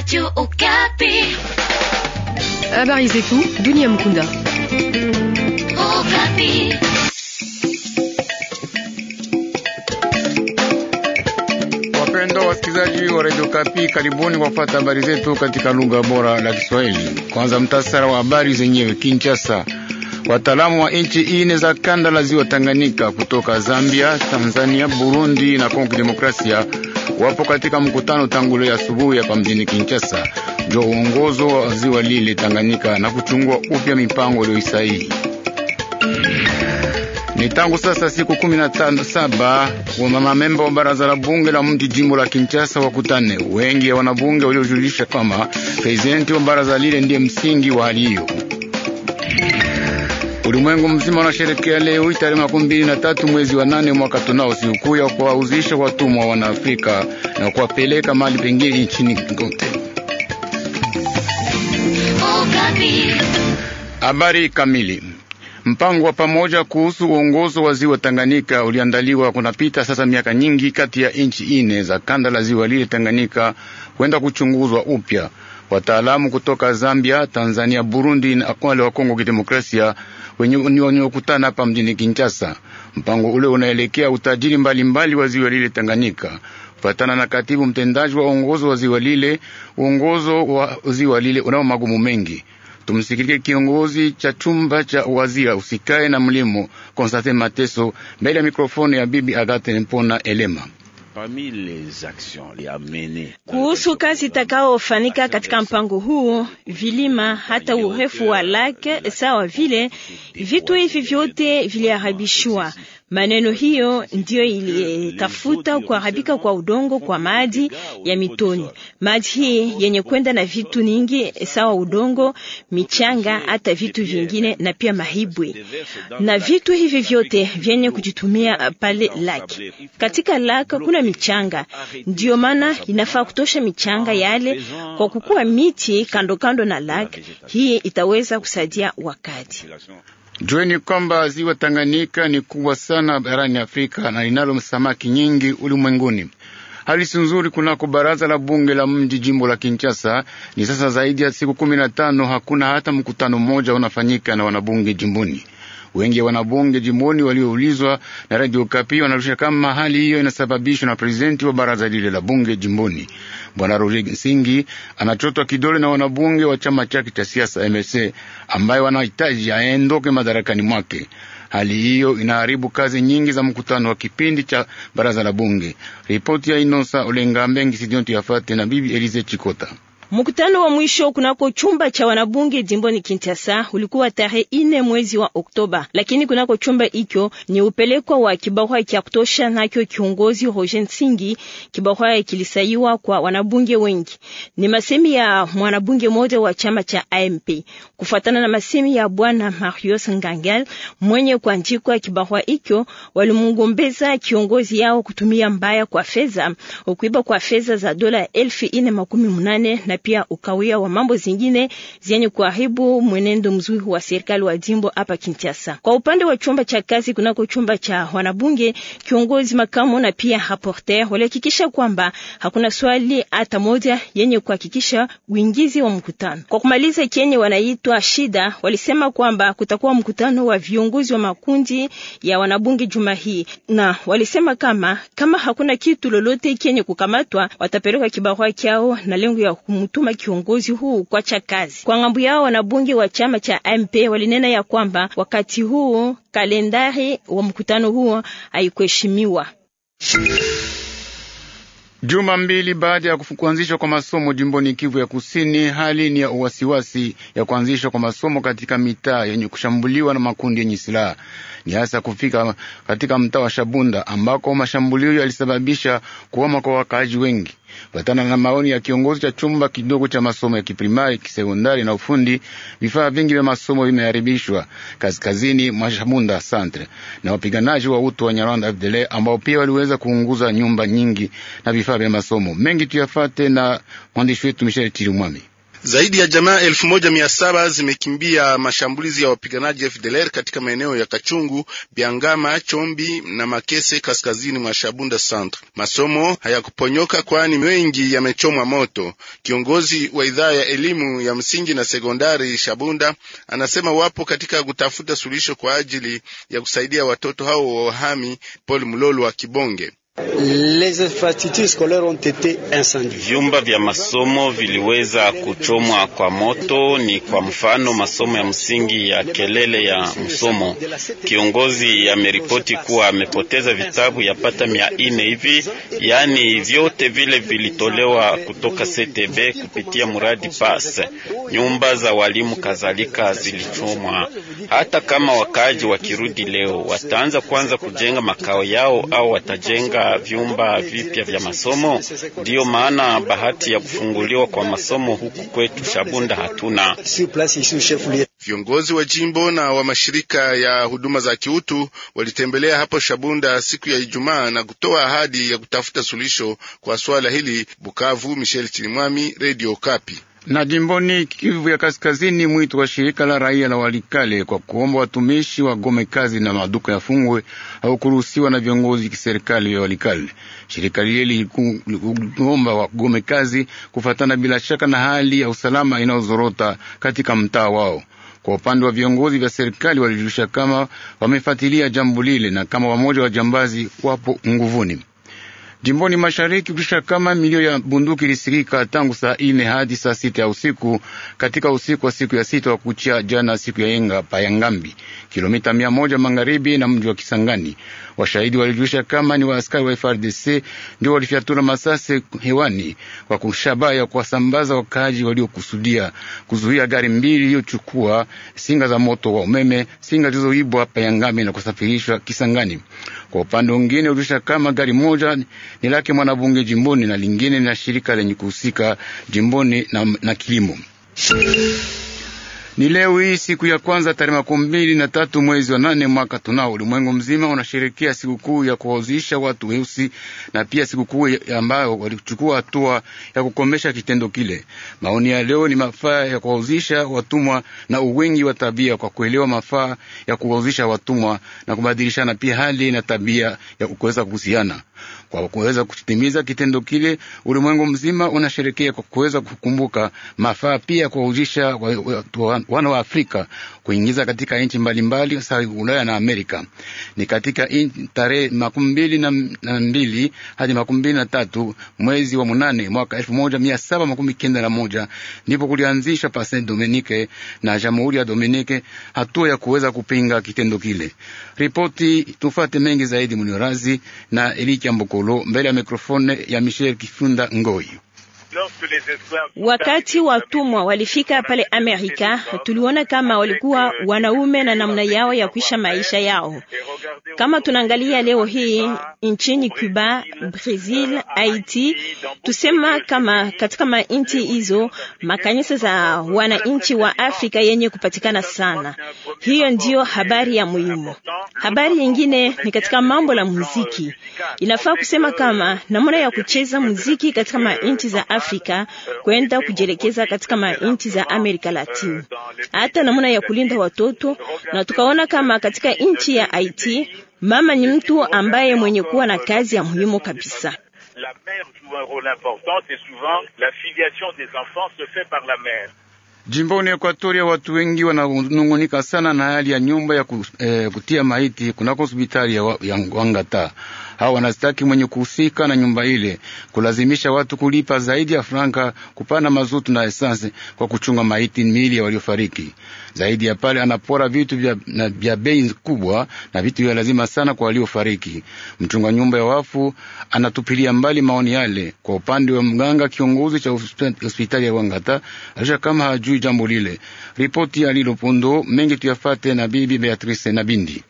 Radio Okapi. Habari zetu dunia mkunda. Okapi. Wapendwa wasikilizaji wa Radio Kapi, karibuni kufuata habari zetu katika lugha bora la Kiswahili. Kwanza mtasara wa habari zenyewe. Kinshasa, wataalamu wa nchi ine za kanda la ziwa Tanganyika kutoka Zambia, Tanzania, Burundi na Kongo Demokrasia wapo katika mkutano tangu leo asubuhi hapa mjini Kinshasa ndio uongozo wa ziwa lile Tanganyika na kuchungua upya mipango iliyosahihi. Ni tangu sasa siku kumi na saba memba wa baraza la bunge la mji jimbo la Kinshasa wakutane. Wengi ya wanabunge waliojulisha kama prezidenti wa baraza lile ndiye msingi wa hali hiyo. Ulimwengu mzima unasherekea leo tarehe makumi mbili na tatu mwezi wa nane mwaka tunao sikukuu ya kuwauzisha watumwa wana Afrika na kuwapeleka mahali pengine nchini kote. Habari kamili Mpango wa pamoja kuhusu uongozo wa ziwa Tanganyika uliandaliwa kunapita sasa miaka nyingi kati ya nchi ine za kanda la ziwa lile Tanganyika kwenda kuchunguzwa upya. Wataalamu kutoka Zambia, Tanzania, Burundi na wale wa Kongo Kidemokrasia wenye wanaokutana hapa mjini Kinshasa. Mpango ule unaelekea utajiri mbalimbali wa ziwa lile Tanganyika. Kufatana na katibu mtendaji wa uongozo wa ziwa lile, uongozo wa ziwa lile unao magumu mengi. Tumsikilike kiongozi cha chumba cha wazia usikae na mlimo Konstantin Mateso mbele ya mikrofoni ya bibi Agathe Mpona Elema. Kuhusu kazi itakaofanyika katika mpango huu, vilima hata urefu wa lake sawa vile, vitu hivi vyote viliharibishwa. Maneno hiyo ndiyo ilitafuta kuharibika kwa udongo kwa maji ya mitoni. Maji hii yenye kwenda na vitu nyingi sawa udongo, michanga, hata vitu vingine na pia mahibwe. Na vitu hivi vyote vyenye kujitumia pale lake. Katika lake kuna michanga. Ndiyo maana inafaa kutosha michanga yale kwa kukua miti kando kando na lake. Hii itaweza kusaidia wakati Jueni kwamba ziwa Tanganyika ni kubwa sana barani Afrika na linalo samaki nyingi ulimwenguni. Hali si nzuri kunako baraza la bunge la mji jimbo la Kinshasa. Ni sasa zaidi ya siku kumi na tano hakuna hata mkutano mmoja unafanyika na wanabunge jimboni. Wengi ya wanabunge jimboni walioulizwa na Radio Kapi wanarusha kama hali hiyo inasababishwa na prezidenti wa baraza lile la bunge jimboni. Bwana Roger Nsingi anachotwa kidole na wanabunge wa chama chake cha siasa MLC ambaye wanahitaji aendoke madarakani mwake. Hali hiyo inaharibu kazi nyingi za mkutano wa kipindi cha baraza la bunge. Ripoti ya Inosa Olenga Mbengi, Sidionti Yafate na Bibi Elize Chikota. Mkutano wa mwisho kunako chumba cha wanabunge jimboni Kinshasa ulikuwa tarehe ine mwezi wa Oktoba, lakini kunako chumba hicho ni upelekwa wa kibarua cha kutosha nacho kiongozi Roger Singi. Kibarua kilisaiwa kwa wanabunge wengi, ni masemi ya mwanabunge mmoja wa chama cha AMP, kufuatana na masemi ya bwana Marius Ngangal mwenye kuandikwa kibarua hicho. Walimgombeza kiongozi yao kutumia mbaya kwa fedha, ukuiba kwa fedha za dola elfu ine makumi munane na pia ukawia wa mambo zingine zenye kuharibu mwenendo mzuri wa serikali wa jimbo hapa Kinshasa. Kwa upande wa chumba cha kazi kunako chumba cha wanabunge, kiongozi makamu na pia rapporteur walihakikisha kwamba hakuna swali hata moja yenye kuhakikisha uingizi wa mkutano. Kwa kumaliza kenye wanaitwa shida, walisema kwamba kutakuwa mkutano wa viongozi wa makundi ya wanabunge juma hii, na walisema kama kama hakuna kitu lolote kenye kukamatwa watapeleka kibarua kyao na lengo ya kumu kumtuma kiongozi huu kuacha kazi. Kwa ngambo yao, wanabunge wa chama cha MP walinena ya kwamba wakati huu kalendari wa mkutano huo haikuheshimiwa. Juma mbili baada ya kuanzishwa kwa masomo jimboni Kivu ya Kusini, hali ni ya uwasiwasi ya kuanzishwa kwa masomo katika mitaa yenye kushambuliwa na makundi yenye silaha, ni hasa kufika katika mtaa wa Shabunda ambako mashambulio yalisababisha kuhama kwa wakaaji wengi. Kufuatana na maoni ya kiongozi cha chumba kidogo cha masomo ya kiprimari, kisekondari na ufundi, vifaa vingi vya masomo vimeharibishwa kaskazini mwa Shamunda Centre na wapiganaji wa utu wa Nyarwanda FDL ambao pia waliweza kuunguza nyumba nyingi na vifaa vya masomo mengi. Tuyafate na mwandishi wetu Michel Tirimwami. Zaidi ya jamaa elfu moja mia saba zimekimbia mashambulizi ya wapiganaji FDLR katika maeneo ya Kachungu, Biangama, Chombi na Makese kaskazini mwa Shabunda Centre. Masomo hayakuponyoka kwani mengi yamechomwa moto. Kiongozi wa idhaa ya elimu ya msingi na sekondari Shabunda anasema wapo katika kutafuta suluhisho kwa ajili ya kusaidia watoto hao wa wahami. Paul Mlolo wa Kibonge Vyumba vya masomo viliweza kuchomwa kwa moto. Ni kwa mfano masomo ya msingi ya kelele ya msomo. Kiongozi ameripoti kuwa amepoteza vitabu yapata mia ine hivi, yaani vyote vile vilitolewa kutoka CTB kupitia muradi PAS. Nyumba za walimu kadhalika zilichomwa. Hata kama wakaaji wakirudi leo wataanza kwanza kujenga makao yao au watajenga vyumba vipya vya masomo. Ndiyo maana bahati ya kufunguliwa kwa masomo huku kwetu Shabunda hatuna. Viongozi wa jimbo na wa mashirika ya huduma za kiutu walitembelea hapo Shabunda siku ya Ijumaa na kutoa ahadi ya kutafuta suluhisho kwa swala hili. Bukavu, Michel Chilimwami, Radio Kapi na jimboni Kivu ya Kaskazini, mwito wa shirika la raia la Walikale kwa kuomba watumishi wagome kazi na maduka fungwe au kuruhusiwa na viongozi kiserikali vya Walikale. Shirika lile wa wagome kazi kufatana bila shaka na hali ya usalama inayozorota katika mtaa wao. Kwa upande wa viongozi vya serikali, walijulisha kama wamefuatilia jambo lile na kama wamoja wa jambazi wapo nguvuni. Jimboni mashariki kisha kama milio ya bunduki ilisikika tangu saa ine hadi saa sita ya usiku katika usiku wa siku ya sita wa kuchia jana siku ya Yenga Payangambi, kilomita mia moja magharibi na mji wa Kisangani. Washahidi walijulisha kama ni waaskari wa FRDC ndio walifyatura masasi hewani kwa kushabaha ya kuwasambaza wakaaji waliokusudia kuzuia gari mbili iliyochukua singa za moto wa umeme, singa zilizoibwa Payangambi na kusafirishwa Kisangani. Kwa upande mwingine, walijulisha kama gari moja ni lake mwanabunge jimboni na lingine na shirika lenye kuhusika jimboni na, na kilimo. Ni leo hii siku ya kwanza tarehe makumi mbili na tatu mwezi wa nane mwaka tunao, ulimwengu mzima unasherekea sikukuu ya kuwauzisha watu weusi na pia sikukuu ambayo walichukua hatua ya kukomesha kitendo kile. Maoni ya leo ni mafaa ya kuwauzisha watumwa na uwengi wa tabia, kwa kuelewa mafaa ya kuwauzisha watumwa na kubadilishana pia hali na tabia ya kuweza kuhusiana. Kwa kuweza kutimiza kitendo kile, ulimwengu mzima unasherekea kwa kuweza kukumbuka mafaa, pia kuwaujisha wana wa Afrika kuingiza katika nchi mbalimbali hasa Ulaya na Amerika. Ni katika tarehe makumi mbili na na mbili hadi makumi mbili na tatu mwezi wa munane mwaka elfu moja mia saba makumi kenda na moja ndipo kulianzisha pa Saint Dominike na Jamhuri ya Dominike hatua ya kuweza kupinga kitendo kile. Ripoti tufate mengi zaidi mliorazi na Elika Mukolo mbele ya mikrofone ya Michel Kifunda Ngoi. Wakati watumwa walifika pale Amerika, tuliona kama walikuwa wanaume na namna yao ya kuisha maisha yao. Kama tunaangalia leo hii nchini Cuba, Brazil, Haiti, tusema kama katika manchi hizo makanisa za wananchi wa Afrika yenye kupatikana sana. Hiyo ndiyo habari ya muhimu. Habari nyingine ni katika mambo la muziki. Inafaa kusema kama namna ya kucheza muziki katika manchi za Afrika Afrika kwenda kujielekeza katika manchi za Amerika Latini, hata namuna ya kulinda watoto. Na tukaona kama katika nchi ya Haiti mama ni mtu ambaye mwenye kuwa na kazi ya muhimu kabisa. Jimboni Ekwatoria, watu wengi wananungunika sana na hali ya nyumba ya eh, kutia maiti kunako hospitali ya Wangata hao wanastaki mwenye kuhusika na nyumba ile kulazimisha watu kulipa zaidi ya franka kupana mazutu na esansi kwa kuchunga maiti mili ya waliofariki. Zaidi ya pale, anapora vitu vya, bei kubwa na vitu vya lazima sana kwa waliofariki. Mchunga nyumba ya wafu anatupilia mbali maoni yale. Kwa upande wa mganga kiongozi cha hospitali ya Wangata alisha kama hajui jambo lile. Ripoti ya mengi tuyafate na bibi Beatrice na Bindi.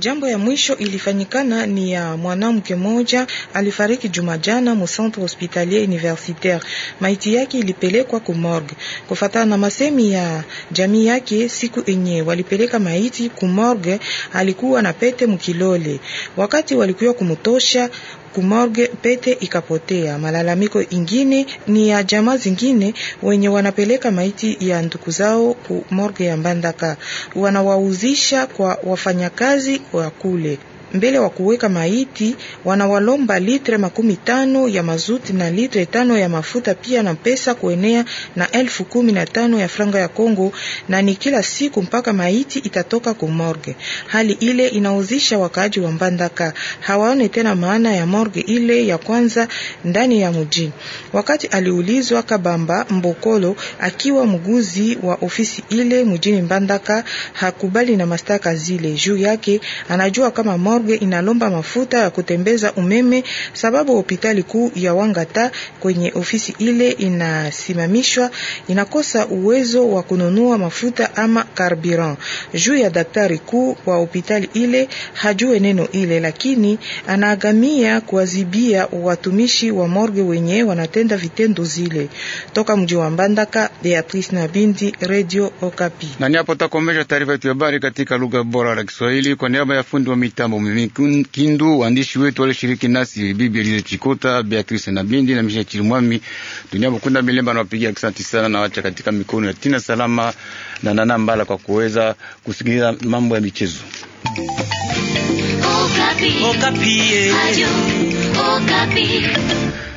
Jambo ya mwisho ilifanyikana ni ya mwanamke mmoja alifariki Jumajana mu Centre Hospitalier Universitaire. Maiti yake ilipelekwa ku morgue. Kufatana na masemi ya jamii yake, siku enye walipeleka maiti ku morgue alikuwa na pete mkilole. Wakati walikuwa kumtosha kumorge pete ikapotea. Malalamiko ingine ni ya jamaa zingine wenye wanapeleka maiti ya nduku zao kumorge ya Mbandaka, wanawauzisha kwa wafanyakazi wa kule mbele wa kuweka maiti wanawalomba litre makumi tano ya mazuti na litre tano ya mafuta pia na pesa kuenea na elfu kumi na tano ya franga ya Kongo, na ni kila siku mpaka maiti itatoka kumorge. Hali ile inauzisha wakaaji wa Mbandaka, hawaone tena maana ya morge ile ya kwanza ndani ya mjini. Wakati aliulizwa Kabamba Mbokolo akiwa mguzi wa ofisi ile mjini Mbandaka, hakubali na mastaka zile juu yake, anajua kama morgue Korge inalomba mafuta ya kutembeza umeme sababu hospitali kuu ya Wangata kwenye ofisi ile inasimamishwa, inakosa uwezo wa kununua mafuta ama carburant. Juu ya daktari kuu wa hospitali ile hajue neno ile, lakini anaagamia kuadhibia watumishi wa morgue wenye wanatenda vitendo zile. Toka mji wa Mbandaka, Beatrice na Nabindi, Radio Okapi. Nani hapo takomesha taarifa yetu ya habari katika lugha bora la Kiswahili kwa niaba ya fundi wa mitambo Kindu. Waandishi wetu walishiriki nasi bibi Elize Chikota, Beatrice na Bindi na Misha Chirimwami, dunia Mukunda Milemba na wapigia asante sana na wacha katika mikono ya Tina Salama na Nana Mbala kwa kuweza kusikiliza mambo ya michezo Okapi. Okapi. Eh.